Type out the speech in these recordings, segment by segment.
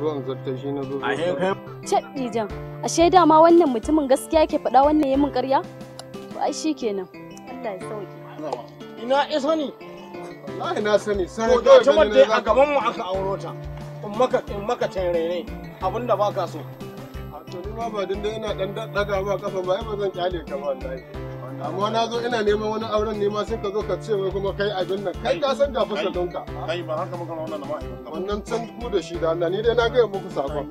Ruwan zarta shi na zo. Ashe dama wannan mutumin gaskiya yake faɗa wannan yamin ƙarya? To ai shi kenan. Allah ya sauke. Ina ya sani. Wallahi na sani. Sai ko ta wanda a gaban mu aka auro ta. In maka in maka tanrene abinda baka so. To ni ma ba dinda ina dan daga ba kafa ba ai ba zan kyale ka ba wallahi. amma na zo ina neman wani auren nema sai ka zo ka ce wai kuma kai abin nan kai ka san ga fasa donka kai ba haka muka wannan na ma'aikata wannan can ku da shi da na ni dai na ga muku sakon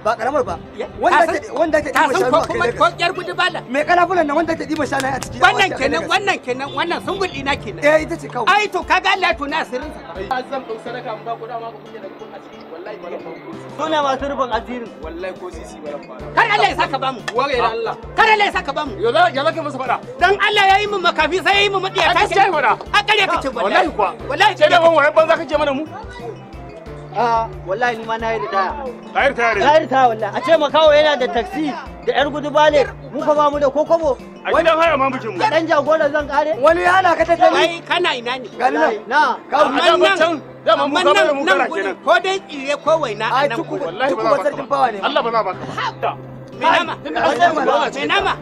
ba karamar ba wanda ta ɗiba shanu a kai ko yar gudu bala me kalafulan nan wanda ta ɗiba shanu a ciki wannan kenan wannan kenan wannan sun gulɗi na kenan eh ita ce kawai ai to kaga Allah to na asirin sa zan dau sadaka mun ba ku dama ku kunya daga kun a ciki wallahi ba wallahi ko sisi ba kar Allah ya saka ba mu ware da Allah kar Allah ya saka ba mu yo ya zaka masa fada dan Allah ya yi mu makafi sai ya yi mu madiya ta ce fada a kare kace wallahi wallahi kuwa wallahi da wannan banza kake mana mu a ah, wallahi ni ma na yi ritaya ka yi ritaya ka yi ritaya wallahi a ce Kawo yana da taksi da yar gudu bale mu fa ba da kokobo a gidan haya ma muke mu dan jagora zan kare wani yana ka tattali ai kana ina ne gani na ka fita mutan dama mu gaba mu kara kenan ko dai tsire ko waina a nan ku wallahi ba za ka ba Allah ba za ba ka nama mai nama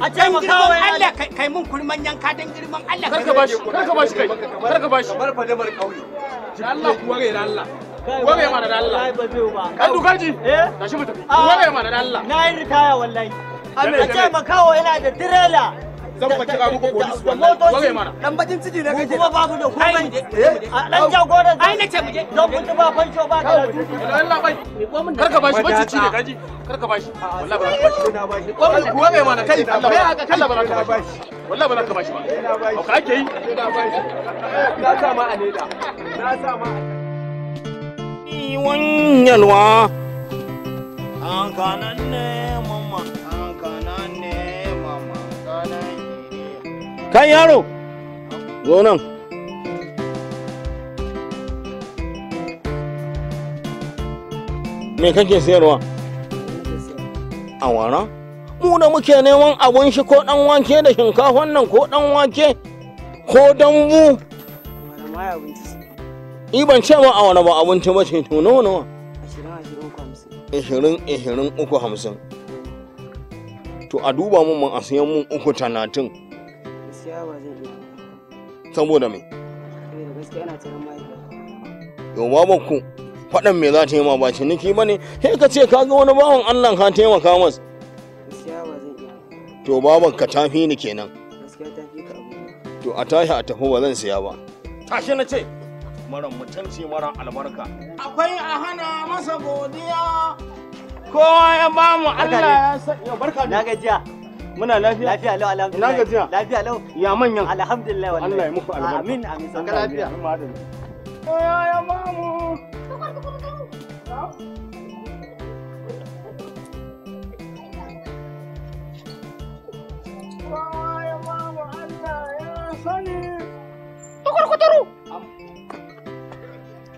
a ce mu kawo Allah kai mun kurman yanka dan girman Allah karka bashi karka bashi kai bashi bar fa da bar kauye Allah kuwa ga Allah Wabe da Allah. ba zai ba. Eh. Ah. Na yi ritaya wallahi. A ce yana da tirela. zan ba kira muku wallahi dan bakin ciki kake kuma da ba fanco ba da Allah bai kar ah, ka bashi bacci kaji kar ka bashi wallahi ba ka bashi ko kai ba ka bashi wallahi ba ka ka ake yi na sa ma a leda na sa ma ciwon yalwa yaro zo nan me kake sayarwa awara mu da muke neman abun shi ko dan wake da shinkafan nan ko dan wake ko dambu iban ban ce ma a wani ba abinci ba ce to nawa nawa. Ashirin ashirin uku hamsin. To a duba mun man a siyan mun uku talatin. Saboda me? yau ba ba ku faɗin me za ta yi ma ba niki ba ne He ka ce ka ga wani bawan Allah ka taimaka masa. To baban ka tafi ni kenan. To a tashi a tafi ba zan siya ba. Tashi na ce. mara mutunci mara albarka akwai a hana masa godiya kowa ya ba mu Allah ya sa barka da gajiya muna lafiya lafiya lau alhamdulillah ina gajiya lafiya lau ya manyan alhamdulillah wallahi Allah ya muku albarka amin amin Sanka lafiya kowa ya ba mu kowa ya ba mu Allah ya sani tukur kuturu